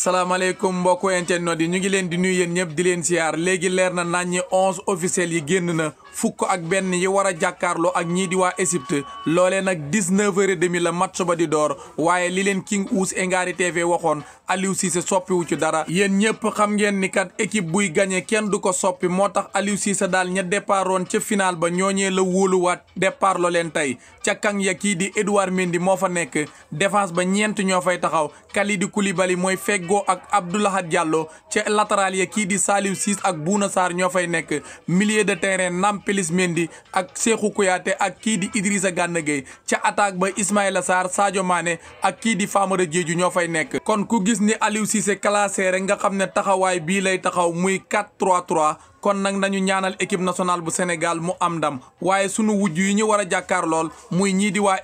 salaamaaleykum mbokku internet yi ñu ngi leen di nuyu yéen ñëpp di leen siyaar léegi leer na nañ ñi onze yi génn na fukk ak benn yi war a jàkkaarloo ak ñii di waa Égypte loolee nag dix-neuf heures et demi la match ba di door waaye li leen King Ouse Ngary TV waxoon Aliou Cissé soppiwu ci dara yéen ñëpp xam ngeen ni kat équipe buy gagné kenn du ko soppi moo tax Aliou Cissé daal ña départoon ca final ba ñooñee la wóoluwaat départ leen tey ca kan ya kii di Edouard Mendy moo fa nekk défense ba ñeent ñoo fay taxaw Kalidou Koulibaly mooy feggoo ak Abdou Lahad Diallo ca latéral ya kii di Saliou Ciss ak Bouna Sarr ñoo fay nekk milieu de terrain Nampalys Mendy ak Cheikhou Kouyaté ak kii di Idrissa Gana Gueye ca attaque ba Ismaïla Sarr Sadio Mané ak kii di Famara Diédhiou ñoo fay nekk kon ku gis ni Aliou Cissé classé rek nga xam ne taxawaay bii lay taxaw muy 4 3 kon nag nañu ñaanal équipe nationale bu Sénégal mu am ndam waaye sunu wujj yi ñu war a jàkkaar lool muy ñii di waa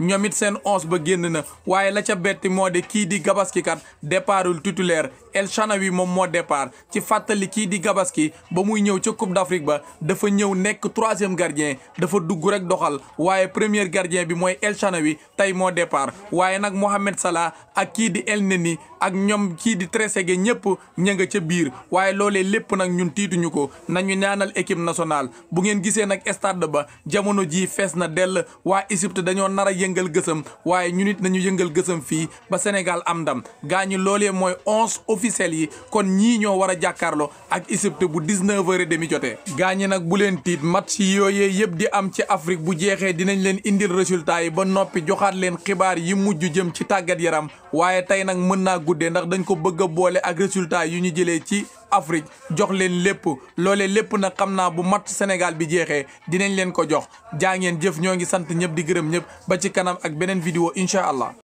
ñoom it seen onze ba génn na waaye la ca betti moo de kii di gabaskikat kat départul titulaire El wi moom moo départ ci fàttali kii di Gabaski ba muy ñëw ca Coupe d'Afrique ba dafa ñëw nekk troisième gardien dafa dugg rek doxal waaye premier gardien bi mooy El wi tey moo départ waaye nag Mohamed Salah ak kii di El Neni ak ñoom kii di Trezeguet ñëpp ña nga ca biir waaye loolee lépp nag ñun tiituñu ko nañu naanal équipe nationale bu ngeen gisee nag stade ba jamono jii fees na dell waa Égypte dañoo nar a yëngal gësam waaye ñun it nañu yëngal gësëm fii ba Sénégal am ndam gaañu loolee mooy onze officiels yi kon ñii ñoo war a jàkkaarloo ak Égypte bu dix-neuf heures et demi jotee gaañi nag bu leen tiit match yooyee yëpp di am ci Afrique bu jeexee dinañ leen indil résultat yi ba noppi joxaat leen xibaar yi mujj jëm ci tàggat yaram waaye tey nag mën naa guddee ndax dañu ko bëgg a boole ak résultat yu ñu jëlee ci Afrique jox leen lépp loole lépp nag xam naa bu mat Sénégal bi jeexee dinañ leen ko jox jaa ngeen jëf ñoo ngi sant ñëpp di gërëm ñëpp ba ci kanam ak beneen vidéo incha allah.